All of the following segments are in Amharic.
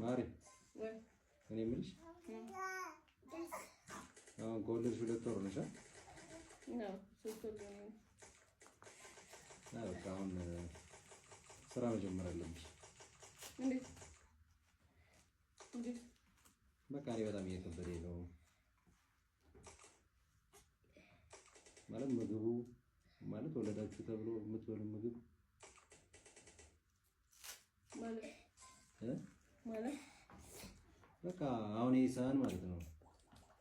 ማሪ እኔ የምልሽ አሁን ከወለድሽ ሁለት ወር ነሽ አሁን ስራ መጀመር አለብሽ በቃ እኔ በጣም እየከበደኝ ነው ማለት ምግቡ ማለት ወለዳችሁ ተብሎ የምትበሉ ምግብ በቃ አሁን ይሄ ሰሃን ማለት ነው።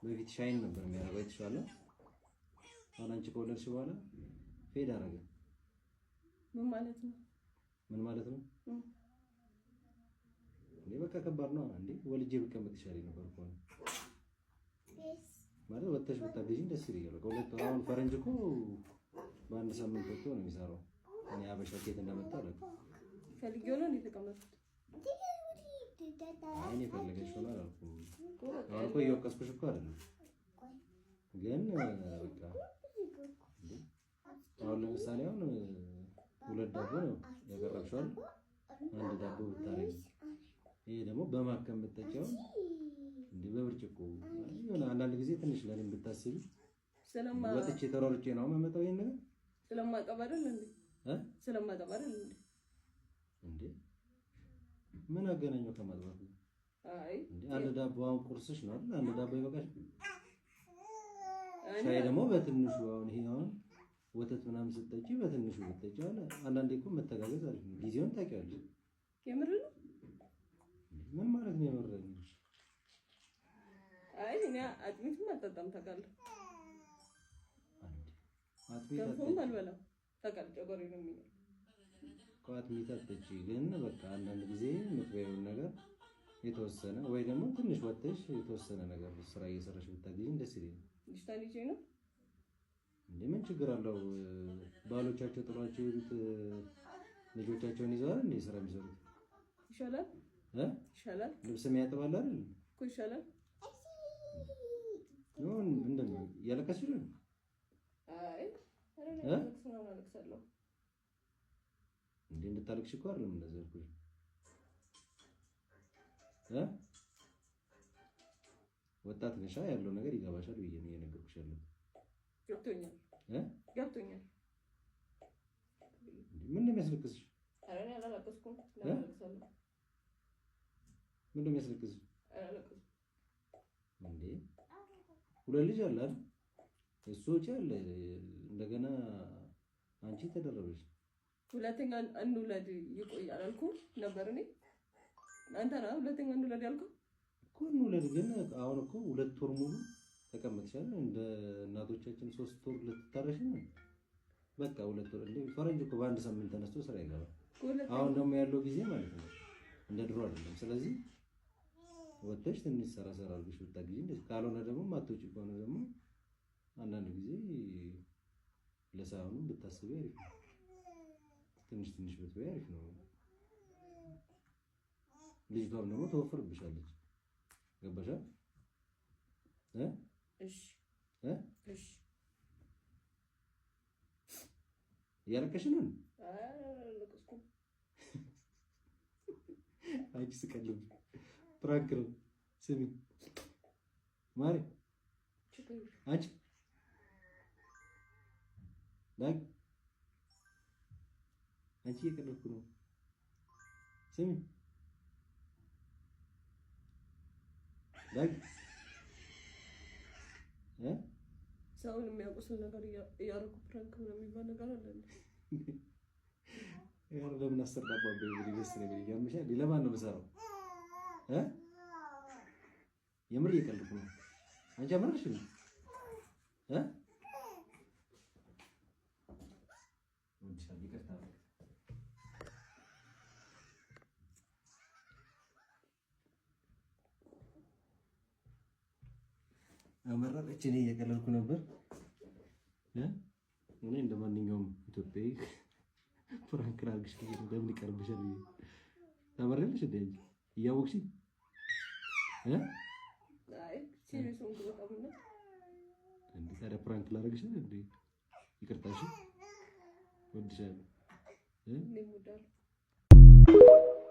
በፊት ሻይን ነበር የሚያደርገው የተሻለ። አሁን አንቺ ከወለድሽ በኋላ ፌድ አደረገ። ምን ማለት ነው? ምን ማለት ነው? እኔ በቃ ከባድ ነው እንዴ! ወልጄ ብቀመጥ ይሻለኝ ነበር እኮ ማለት ወጥተሽ ብታገዢኝ ደስ ይለኛል። ከሁለት ወር አሁን ፈረንጅ እኮ በአንድ ሳምንት ወጥቶ ነው የሚሰራው። እኔ አበሻ ኬት እንደመጣ አለ ፈልጌው ነው የተቀመጡት አይን የፈለገች ሆነ አላልኩም። አሁን እኮ እየወቀስኩሽ እኮ አይደለም፣ ግን በቃ አሁን ለምሳሌ አሁን ሁለት ዳቦ ነው ያቀረብሽው፣ አንድ ዳቦ ብታረጊ፣ ይሄ ደግሞ በማከም ብትጠጪው እንደ በብርጭቆ የሆነ አንዳንድ ጊዜ ትንሽ ለእኔም ብታስቢ። ወጥቼ ተሯርጬ ነው የማመጣው ይሄን ነገር ስለማቀባደል እንዴ ምን አገናኘው ከማጥባት? አይ አንድ ዳቦ አሁን ቁርስሽ ነው አይደል? አንድ ዳቦ ይበቃሽ። ሻይ ደግሞ በትንሹ አሁን ይሄ አሁን ወተት ምናምን ስትጠጪ በትንሹ ብትጠጪ አለ። አንዳንዴ እኮ መተጋገዝ አሪፍ ጊዜውን ታውቂዋለሽ። የምር ነው። ምን ማለት ነው የምር ነው? አይ እኔ አጥሚት አልጠጣም ታውቃለህ። አጥሚት አልበላም ታውቃለህ። ጨጓራዬ ነው የሚለው ጠዋት ሚጠጥች ግን በቃ አንዳንድ ጊዜ የምትበይውን ነገር የተወሰነ ወይ ደግሞ ትንሽ ወጥተሽ የተወሰነ ነገር ስራ እየሰራሽ ብታገኝ ደስ ይለኛል። ነው እንዴ ምን ችግር አለው? ባሎቻቸው ጥሏቸው ይሉት ልጆቻቸውን ይዘዋል እንዴ ስራ የሚሰሩት ይሻላል እ ይሻላል ልብስ የሚያጥባል አይደል እኮ ይሻላል። ኖ ምንድን ነው እያለቀስሽ ነው? አይ እንዴ እንድታለቅሽ እኮ አይደለም እንደዚህ አልኩሽ እ ወጣት ነሻ ያለው ነገር ይገባሻል ብዬ ነው የነገርኩሽ። ያለው ገብቶኛል እ ገብቶኛል ምን ነው የሚያስለቅስሽ? ኧረ እኔ አላለቀስኩም። ምን ነው የሚያስለቅስሽ? እንዴ ሁለት ልጅ አለ አይደል? እሱ ውጪ አለ እንደገና አንቺ ተደረበች? ሁለተኛ እንውለድ ይቆያል አልኩ ነበር እኔ አንተ ና ሁለተኛ እንውለድ ያልከው እኮ እንውለድ ግን አሁን እኮ ሁለት ወር ሙሉ ተቀምጥሻል እንደ እናቶቻችን ሶስት ወር ልትታረሽ ነው በቃ ሁለት ወር እንደ ፈረንጅ እኮ በአንድ ሳምንት ተነስቶ ስራ ይገባል አሁን ደግሞ ያለው ጊዜ ማለት ነው እንደ ድሮ አይደለም ስለዚህ ወጥተሽ ትንሽ ሰራ ሰራ አድርገሽ ወጣ ጊዜ ካልሆነ ደግሞ ማቶች ከሆነ ደግሞ አንዳንድ ጊዜ ለሳይሆኑ ብታስቢ አሪፍ ነው ትንሽ ትንሽ ብትበይ አሪፍ ነው። ልጅቷም ደግሞ ተወፍርብሻለች። ገባሻ? እያለቀሽ ነው? አንቺ ስቀልም ፕራንክ ነው። ስሚ ማሪ አንቺ አንቺ እየቀለድኩ ነው። ስሚ ሰውን የሚያውቁስን ነገር እያደረኩ ፕራንክ ነው የሚባል ነገር አለ። ለምን አሰራባ ስ ያመሻል። ለማን ነው የምሰራው? የምር እየቀለድኩ ነው። አንቺ አመረሽ ነው ይቅርታ አመረረች። እኔ እየቀለልኩ ነበር። እኔ እንደ ማንኛውም ኢትዮጵያዊ ፕራንክ ላድርግሽ ብዬ ነው። ይቀርብሻል? ታመሪያለሽ እንደ እያወቅሽ እንደ ታዲያ ፕራንክ ላድርግሽ እንደ ይቅርታሽ ወድሻለሁ።